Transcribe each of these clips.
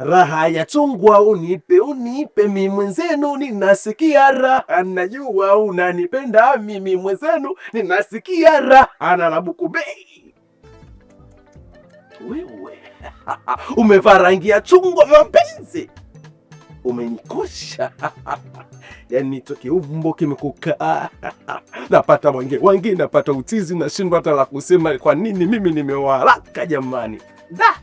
raha ya chungwa unipe, unipe mi mwenzenu, ninasikia raha, najua unanipenda mimi mwenzenu, ninasikia raha. Na Rabuku wewe umevaa rangi ya chungwa vya mapenzi, umenikosha yani toke uvumbo kimekukaa napata wange wange, napata utizi, nashindwa hata la kusema. Kwa nini mimi nimewaraka jamani da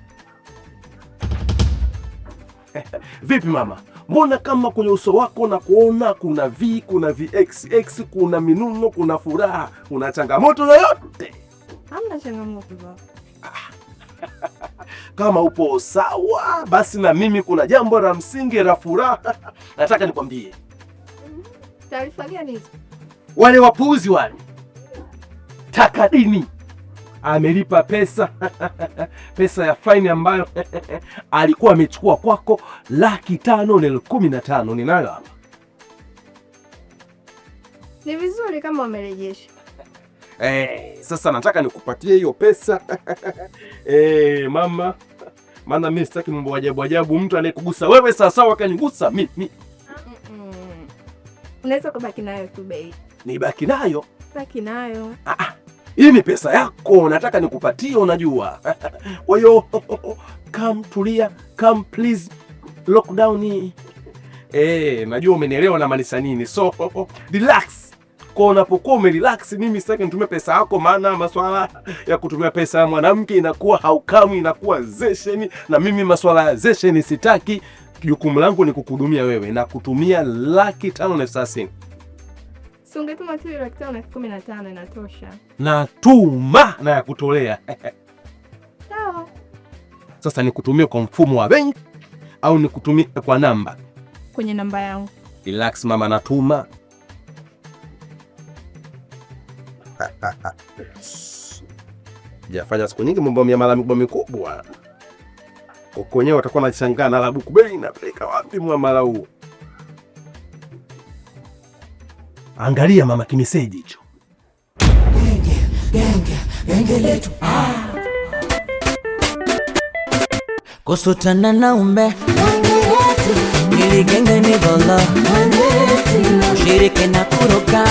Vipi mama, mbona kama kwenye uso wako na kuona kuna v kuna vxx kuna minuno kuna furaha, una changamoto yoyote? Hamna changamoto baba. Kama upo sawa, basi na mimi kuna jambo la msingi la furaha nataka nikwambie. Taarifa gani hizo? Wale wapuuzi wale, taka dini amelipa pesa pesa ya faini ambayo alikuwa amechukua kwako laki tano na elfu kumi na tano ninayo hapa. Ni vizuri kama wamerejesha. Hey, eh, sasa nataka nikupatie hiyo pesa hey, eh, mama, maana mi sitaki mambo ajabu ajabu, mtu anayekugusa wewe sawasawa akanigusa mimi mi. Unaweza kubaki nayo tu bei. Nibaki nayo? Baki nayo. Ah, ah hii ni pesa yako, nataka nikupatie, unajua. Kwa hiyo come, tulia, come please, lockdown eh, najua umenielewa na maanisha nini, so oh, oh, relax kwa unapokuwa umerelax, mimi sitaki nitumie pesa yako, maana maswala ya kutumia pesa ya mwanamke inakuwa haukamu, inakuwa zesheni, na mimi maswala ya zesheni sitaki. Jukumu langu ni kukuhudumia wewe na kutumia laki tano na elfu thelathini. Si ungetuma tu laki tano na elfu kumi na tano inatosha. Natuma na ya kutolea. Sawa. Sasa nikutumie kwa mfumo wa benki au nikutumie kwa namba? Kwenye namba yangu. Relax mama, natuma. Jafanya siku nyingi mambo ya malalamiko mikubwa. Uko watakuwa wanashangaa na labuku bei inapeleka wapi mwamala huu? Angalia mama, kimeseji hicho. Genge, genge, genge letu. Ah. Kusutana na umbe. ili genge ni bala. Shirike na kuruka.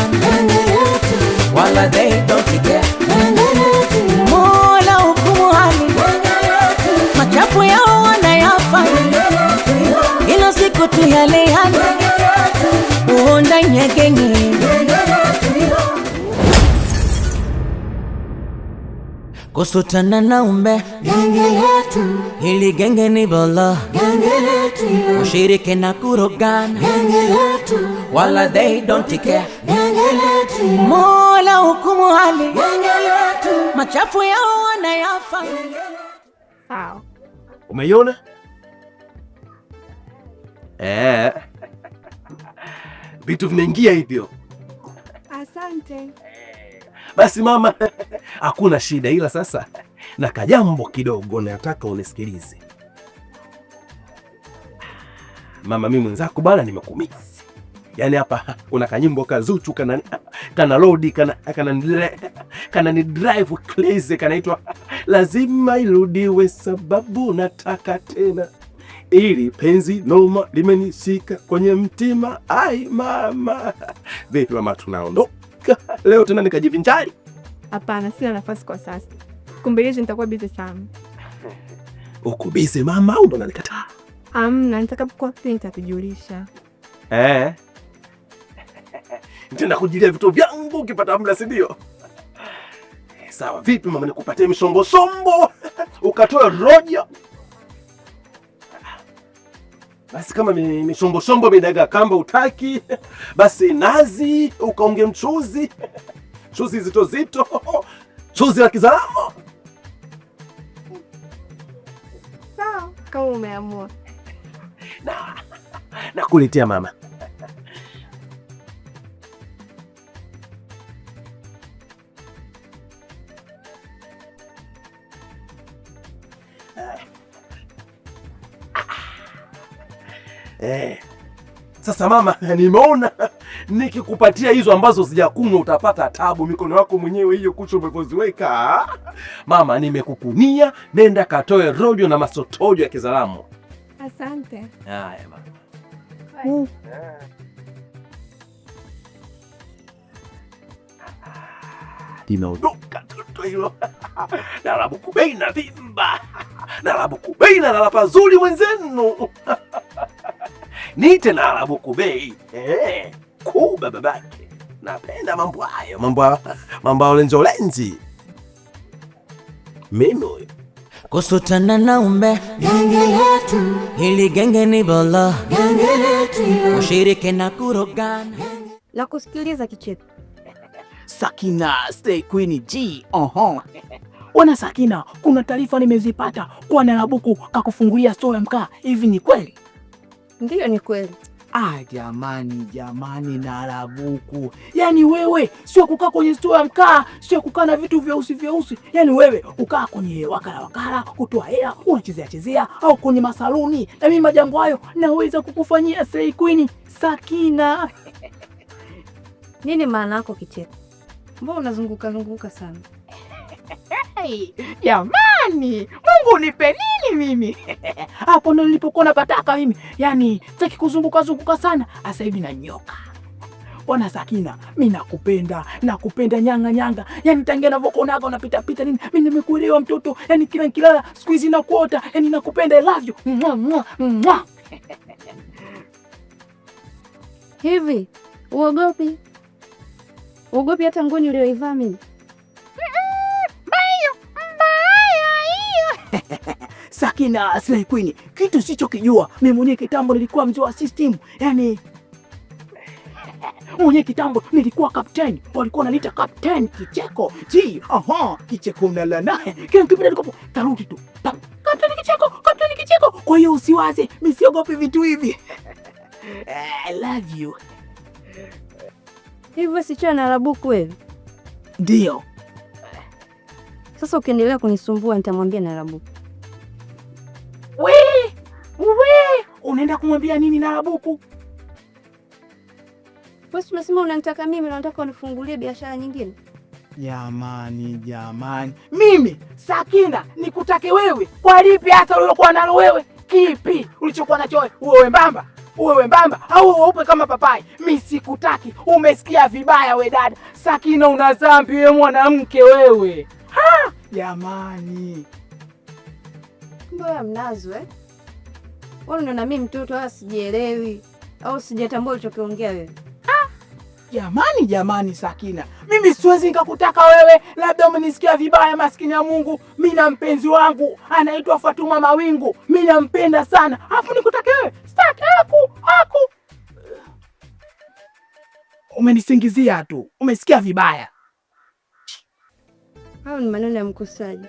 Wala they don't forget. Mola hukumu hali. Machafu yao wanayafa. Ila siku tu yale yale. Uonda kusutana na umbe genge letu, hili genge ni bolo genge letu, ushirike na kurogana genge letu, wala they don't care genge letu, Mola hukumu hali genge letu, machafu yao wanayafa. Sawa, umeiona eh? Vitu vinaingia hivyo. Asante. Basi mama, hakuna shida, ila sasa na kajambo kidogo nataka unisikilize mama. Mimi mwenzako bwana, nimekumisi yaani hapa kuna kanyimbo kazuchu kana kana lodi kana kana kana ni drive crazy kanaitwa lazima irudiwe, sababu nataka tena ili penzi noma limenishika kwenye mtima. Ai mama, vipi mama, tunaondoka leo tena nikajivinjari? Hapana, sina nafasi kwa sasa. Kumbelezi nitakuwa bize sana. Uko bize mama au ndo nalikataa? Amna, nitakapokuwa kile nitakujulisha. Eh. Nitaenda kujilia vitu vyangu ukipata mla, si ndio? Eh, sawa, vipi mama, nikupatie sombo ukatoe roja basi kama mishombo shombo midaga kamba utaki, basi nazi ukaonge mchuzi chuzi zito zito, chuzi la kizaramo. Sawa, kama umeamua, nakuletea mama Sasa mama, nimeona nikikupatia hizo ambazo sijakunywa utapata tabu mikono yako mwenyewe, hiyo kucha umekoziweka. Mama, nimekupunia, nenda katoe rojo na masotojo ya Kizalamu. Asante. Haya mama. Hmm. toto hilo na vimba na na wenzenu niite na Bey Kubei eh, kuba babake. Napenda mambo hayo, mambo mambo ya lenzo lenzi. Mimi kusutana na umbe genge letu, hili genge ni bolo genge letu, ushirike na kurogana la kusikiliza kichetu. Sakina stay queen G uh-huh. oho wana Sakina, kuna taarifa nimezipata kwa Narabuku kakufungulia store ya mkaa. Hivi ni kweli? Ndiyo, ni kweli. Ah, jamani jamani, Narabuku, yani wewe sio kukaa kwenye stua ya mkaa, sio kukaa na vitu vyeusi vyeusi. yani wewe ukaa kwenye wakala wakala, kutoa hela, unachezea chezea, au kwenye masaluni, na mimi majambo hayo naweza kukufanyia Slay kwini Sakina. Nini maana yako kicheko? Mbona unazunguka zunguka sana? hai jamani, Mungu nipe nini mimi hapo? ndo nilipokuwa napataka mimi, yaani taki kuzunguka zunguka sana. Asa hivi nanyoka Bwana Sakina, mi nakupenda, nakupenda nyanga nyanga, yaani tangia navyokuonaga unapita pita nini, mi nimekuelewa mtoto, yaani kila nkilala siku hizi nakuota, yaani nakupenda, I love you mwa mwa mwa. Hivi uogopi? Uogopi hata nguo niliyoivaa mimi? Lucky na Slay Queen. Kitu kijua. mimi mwenyewe kitambo nilikuwa mzee wa system. Yaani mwenye kitambo nilikuwa captain. Walikuwa wananiita captain kicheko. Ji, aha, kicheko unala naye. Kile kipi nilikopo taruti tu. Captain kicheko, captain kicheko. Kwa hiyo usiwaze, mimi siogopi vitu hivi. I love you. Hivyo sichana na Rabuku wewe. Ndio. Sasa ukiendelea kunisumbua nitamwambia Narabuku. unaenda kumwambia nini Narabuku? Wewe unasema unanitaka mimi na unataka unifungulie biashara nyingine? Jamani, jamani, mimi Sakina nikutake wewe kwa lipi hasa uliokuwa nalo wewe? Kipi ulichokuwa nacho wewe? Uwe wembamba, uwe au weupe kama papai? Mi sikutaki, umesikia vibaya we dada Sakina, una dhambi wewe, mwanamke wewe. Ha, jamani, mbona mnazo eh? wewe unaona mimi mtoto au sijielewi au sijatambua ulichokiongea wewe? Ah, jamani jamani, Sakina, mimi siwezi nikakutaka wewe, labda umenisikia vibaya. Maskini ya Mungu, mimi na mpenzi wangu anaitwa Fatuma Mawingu, mimi nampenda sana, afu nikutake wewe? Sitaki, aku aku. Umenisingizia tu, umesikia vibaya. Hayo ni maneno ya mkosaji.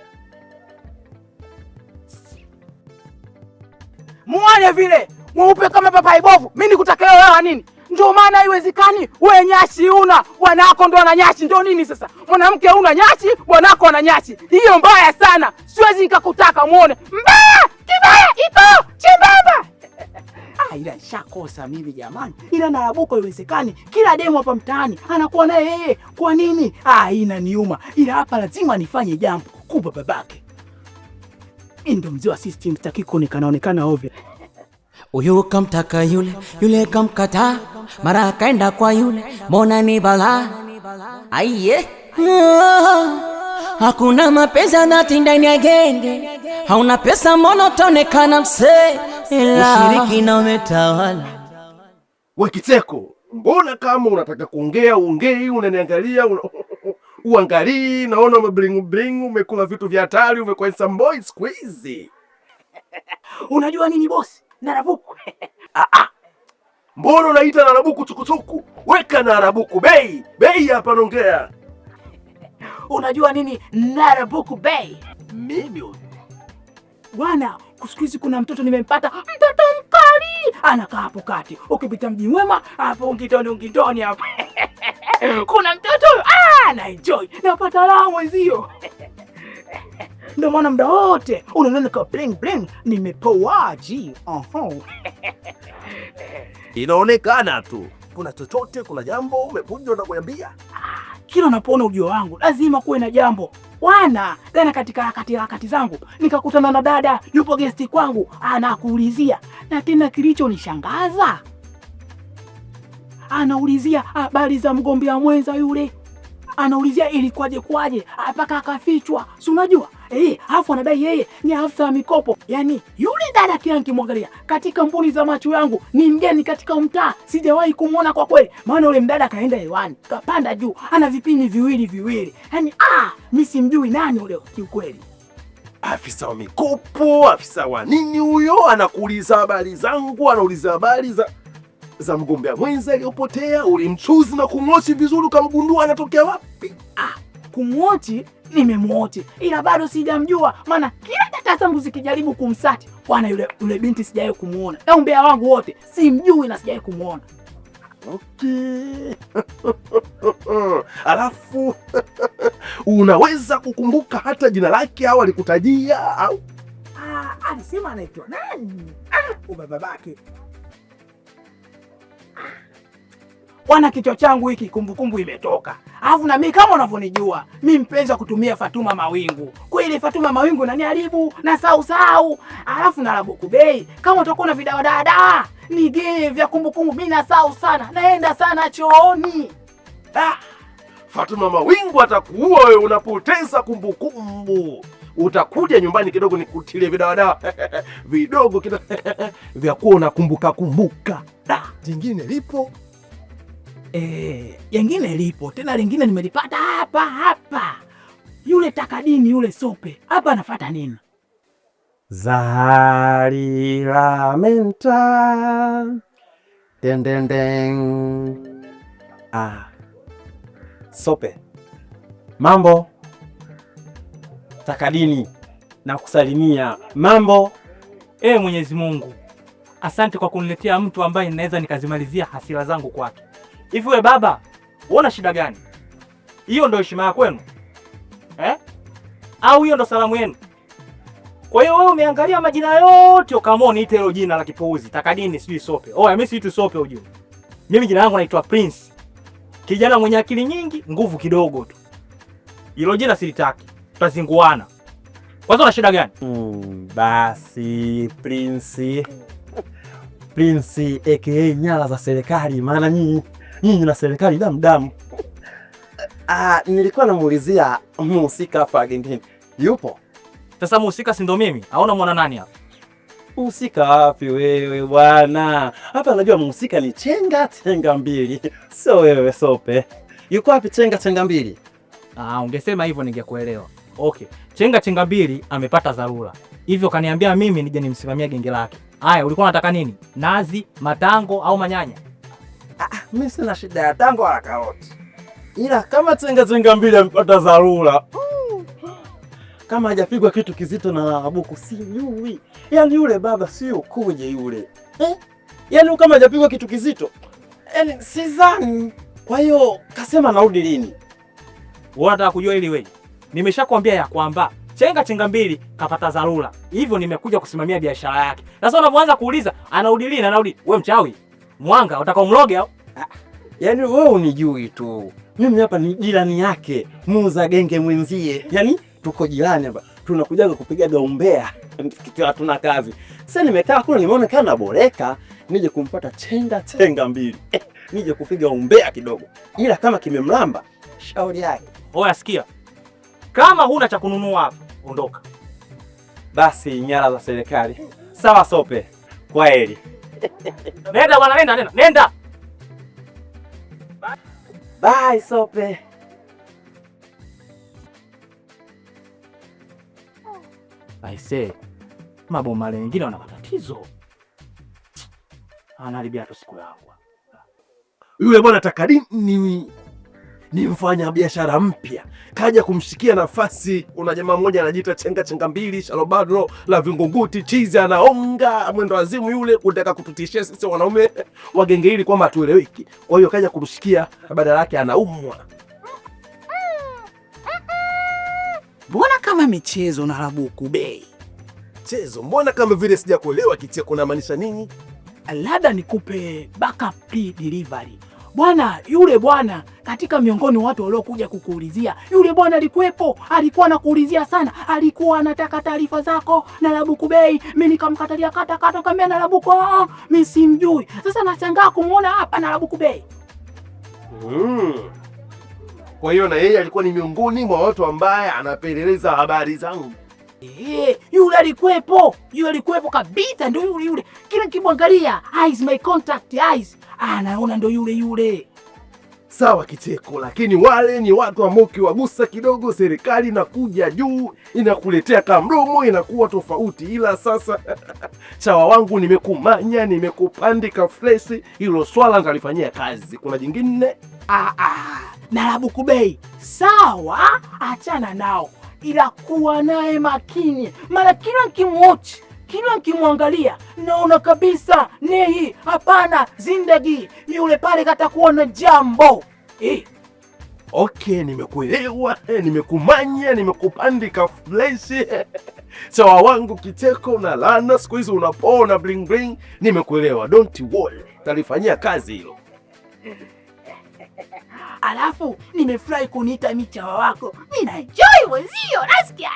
muone vile mweupe kama papai bovu, mimi nikutakia wewe nini? Ndio maana haiwezekani wewe nyashi una wanako ndo ana nyashi ndio nini sasa? Mwanamke una nyashi bwanako ana nyashi, hiyo mbaya sana, siwezi nikakutaka muone mbaya kibaya, ipo chimbaba Ah, ila nishakosa mimi jamani, ila Narabuku iwezekani kila demo hapa mtaani anakuwa naye yeye. Kwa nini? Ah, niuma ila hapa lazima nifanye jambo kubwa babake Ndo mzee wa assistant taki kuonekana ovyo. Uyu kamtaka yule, yule kamkata mara akaenda kwa yule, mbona ni bala Aiye, ah, hakuna mapenzi anati ndani ya genge, hauna pesa mbona utaonekana msee. na umetawala. Wekiteko, mbona kama unataka kuongea uongei, unaniangalia una uangalii, naona umebringubringu, umekula vitu vya hatari, umekuwa handsome boy siku hizi. Unajua nini bosi? Narabuku. Ah ah. Mbona unaita narabuku tukutuku? Weka narabuku bei. Bei hapa nongea. Unajua nini narabuku bei? Mimi Bwana, siku hizi kuna mtoto nimempata, mtoto mkali. Anakaa hapo kati. Ukipita mji mwema, hapo ungitoni ungitoni hapo kuna mtoto ah, na enjoy napata raha mwenzio. Ndio maana muda wote unaona ka bling bling, nimepoaji. Inaonekana tu kuna chochote, kuna jambo umekuja na kuambia. Ah, kila unapoona ujio wangu lazima kuwe na jambo wana tena. Katika harakati harakati zangu nikakutana na dada yupo gesti kwangu, anakuulizia na tena, kilichonishangaza anaulizia habari za mgombea mwenza yule, anaulizia ilikwaje kwaje mpaka akafichwa, si unajua eh, afu anadai yeye ni afisa ya mikopo. Yani yule dada kila nikimwangalia katika mbuni za macho yangu ni mgeni katika mtaa, sijawahi kumwona kwa kweli. Maana yule mdada kaenda hewani kapanda juu, ana vipini viwili viwili, yani ah, mimi simjui nani yule kiukweli. Afisa wa mikopo, afisa wa nini huyo? Anakuuliza habari zangu, anauliza habari za za mgombea mwenza aliyopotea, ulimchuzi na kumwochi vizuri, ukamgundua anatokea wapi? Ah, kumwochi nimemwoti, ila bado sijamjua, maana kila zangu zikijaribu kumsati bwana, yule yule binti sijawahi kumwona, na umbea wangu wote simjui na sijawahi kumwona. Okay. Alafu unaweza kukumbuka hata jina lake au alikutajia au? Ah, alisema anaitwa nani? Ah, ubababake Bwana, kichwa changu hiki kumbukumbu imetoka. Alafu na mimi kama unavyonijua, mi mpenzi wa kutumia Fatuma Mawingu. Kweli Fatuma Mawingu naniharibu na sau. Alafu na Rabuku Bey, kama utakuwa na vidawadada nigee vya kumbukumbu, mi sau sana, naenda sana chooni. Ah, Fatuma Mawingu atakuua wewe, unapoteza kumbukumbu. Utakuja nyumbani kidogo nikutilie vidawadawa vidogo kidogo vya kuwa unakumbuka kumbuka. Da, jingine lipo E, lipo tena lingine nimelipata hapa hapa, yule takadini yule sope hapa anafata nini? Zahari lamenta dendendeng. Ah, sope mambo, takadini na kusalimia mambo. E, Mwenyezi Mungu asante kwa kuniletea mtu ambaye ninaweza nikazimalizia hasira zangu kwake. Hivi wewe baba, uona shida gani? Hiyo ndio heshima ya kwenu eh? Au hiyo ndio salamu yenu? Kwa hiyo wewe umeangalia majina yote ukaamua niite hilo jina la kipuuzi takadini, sijui sope. Oh, mimi siitu sope, ujue mimi jina langu naitwa Prince, kijana mwenye akili nyingi, nguvu kidogo tu. Hilo jina silitaki, tutazinguana. Kwanza una shida gani? Mm, basi Prince Prince aka nyala za serikali, maana nyinyi nyinyi na serikali damu damu. Ah, nilikuwa namuulizia mhusika hapa gengeni yupo? Sasa mhusika si ndo mimi? Aona mwana nani hapa? Mhusika wapi wewe bwana? Hapa najua mhusika ni chenga chenga mbili, sio wewe Sope. Yuko wapi chenga chenga mbili? Ah, ungesema hivyo ningekuelewa. Okay, chenga chenga mbili amepata dharura, hivyo kaniambia mimi nije nimsimamia genge lake. Aya, ulikuwa unataka nini? Nazi, matango au manyanya? Mimi sina shida ya tango wala karoti, ila kama chengazenga mbili amepata dharura kama hajapigwa kitu kizito na Labuku sijui. Yaani yule baba sio koje yule eh? Yaani kama hajapigwa kitu kizito yaani sidhani. Kwa hiyo kasema narudi lini? Unataka kujua ili wewe? Nimeshakwambia ya kwamba chenga chenga mbili kapata dharura, hivyo nimekuja kusimamia biashara yake. Sasa unavyoanza kuuliza anarudi lini, anarudi wewe, mchawi mwanga utakaomloga Yaani wewe unijui tu, mimi hapa ni jirani yake muuza genge mwenzie, yaani tuko jirani hapa, tunakujaga kupiga gaumbea. kitu hatuna kazi. Sasa nimekaa kule, nimeona kana naboreka, nije kumpata chenga chenga mbili eh, nije kupiga umbea kidogo, ila kama kimemlamba shauri yake. Oya, sikia, kama huna cha kununua hapa ondoka basi. Nyara za serikali sawa, sope kwa Nenda bwana, nenda nenda nenda. Bye Sope. Aise, mabomale wengine wana matatizo, analibia tu siku yangu. Yule bwana takadi ni mfanya biashara mpya kaja kumshikia nafasi. Kuna jamaa mmoja anajiita chenga chenga mbili shalobadro la Vingunguti, chizi anaonga mwendo wazimu yule, kutaka kututishia sisi wanaume wagenge hili kwamba hatueleweki. Kwa hiyo kaja kumshikia, badala yake anaumwa. Mbona kama michezo na Rabuku Bei chezo, mbona kama vile sijakuelewa kicheko, kuna maanisha nini? Labda nikupe backup delivery Bwana yule bwana katika miongoni watu waliokuja kukuulizia, yule bwana alikuwepo, alikuwa anakuulizia sana, alikuwa anataka taarifa zako na Labuku Bey. Mimi nikamkatalia kata kata, kaambia na ah, ah, mimi simjui. Sasa nashangaa kumuona hapa na Bey. Mm. Kwa hiyo na yeye alikuwa ni miongoni mwa watu ambaye anapeleleza habari zangu. Eh, yule alikuwepo, yule alikuwepo kabisa, ndio yule yule. Kila kimwangalia, eyes my contact eyes anaona ah, naona ndo yule yule. Sawa kicheko, lakini wale ni watu ambao ukiwagusa kidogo, serikali inakuja juu, inakuletea kamdomo, inakuwa tofauti. Ila sasa chawa wangu, nimekumanya nimekupandika fresh, hilo swala nitalifanyia kazi. Kuna jingine ah, ah, Narabuku Bey, sawa, achana nao, ila kuwa naye makini, mara kila kimwochi kila nkimwangalia naona kabisa nehi hapana zindagi yule pale katakuona jambo eh. Okay, nimekuelewa, nimekumanya, nimekupandika fleshi sawa wangu kiteko na lana siku hizi unapona bling bling. Nimekuelewa, don't worry, talifanyia kazi hilo alafu nimefurahi kuniita michawa wako, ninajoi mwenzio, nasikia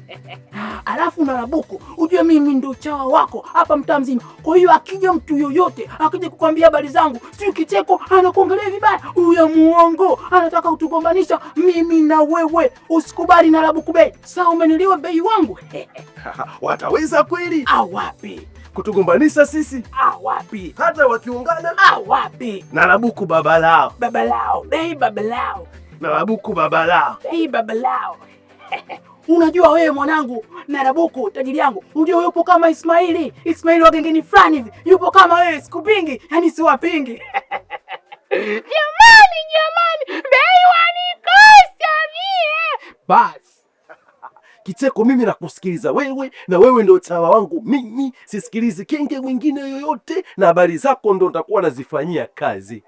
alafu na Nabuku, ujue mimi ndio chawa wako hapa mtaa mzima. Kwa hiyo akija mtu yoyote akija kukwambia habari zangu, si kicheko, anakuongelea vibaya, huyo muongo, anataka utugombanisha mimi na wewe. Usikubali na rabuku bei, saa umeniliwa bei wangu wataweza kweli? Awapi kutugombanisha sisi? Ah, wapi! Hata wakiungana ah, wapi! Narabuku baba lao, baba lao, dai baba lao, Narabuku baba lao, dai baba lao. Unajua wewe mwanangu, Narabuku tajiri yangu, unajua yupo kama Ismaili, Ismaili wa gengeni fulani hivi, yupo kama wewe, pingi yani wapingi Jamani, jamani, bei wanikosa mie basi kicheko mimi nakusikiliza wewe, na wewe ndio chawa wangu mimi, sisikilizi kenge mwingine yoyote, na habari zako ndo nitakuwa nazifanyia kazi.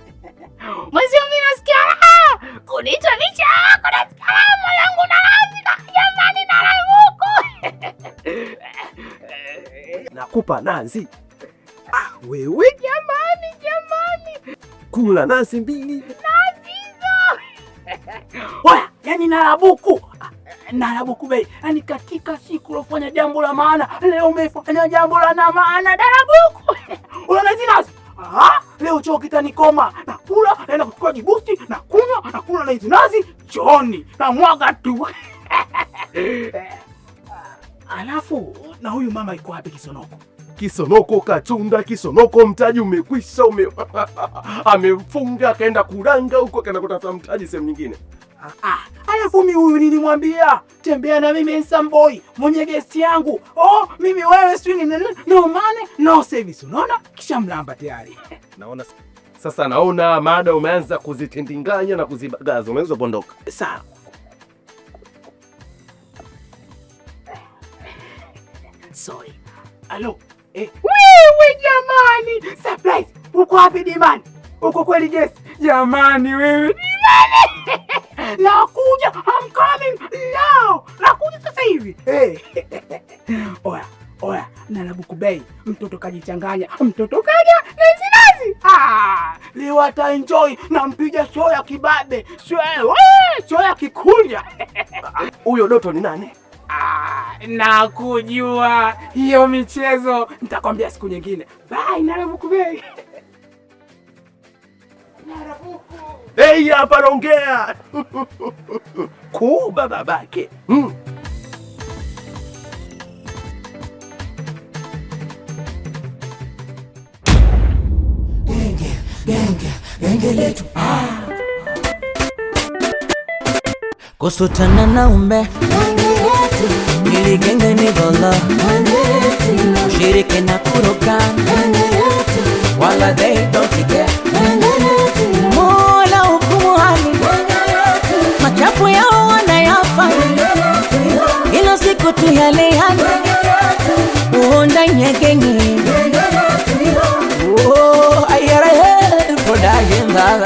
Mwezi mimi nasikia raha kunita nicha kuna na salamu yangu na radhi na jamani na raha nakupa nazi. Ah, wewe jamani, jamani kula nazi mbili nazi hizo. Oya, yani narabuku ah, Narabuku, yani katika siku ulofanya jambo la maana, leo umefanya jambo la na maana. Narabuku, unaona hizi Aha, leo choo kitanikoma, nakula naenda kuchukua jibusti na kunywa na kula na hizi nazi chooni na mwaga tu alafu na huyu mama yuko wapi? Kisonoko, Kisonoko Katunda, Kisonoko, mtaji umekwisha ume... amemfunga akaenda kuranga huko, akaenda kutafuta mtaji sehemu nyingine. Ah, alafu mimi huyu nilimwambia tembea na mimi Samboi mwenye gesti yangu. Oh, mimi wewe sijui no money no service. Unaona? Kisha mlamba tayari. Naona sasa naona mada umeanza kuzitindinganya na kuzibagaza. Umeanza kuondoka. Sawa. Sorry. Hello. Eh. Wewe jamani, surprise. Uko wapi Diman? Uko kweli guest? Jamani wewe. Nakuja, I'm coming now. Nakuja sasa hivi. Hey. Oya, oya, Narabuku Bey, mtoto kajichanganya, mtoto kaja nazi nazi. Ah, liwata enjoy na mpija ya kibabe, soya eh, sio ya kikunja. Huyo Doto ni nani? na ah, nakujua hiyo michezo nitakwambia siku nyingine. Bye Narabuku Bey. Narabuku Ei, hapa naongea kuuba babake mm. Genge, genge, genge letu ah. Kusutana na umbe ili genge ni bolo shiriki na kuruka wala they don't care machafu yao wanayafanya, ila siku tu yale yale nyegenye oh,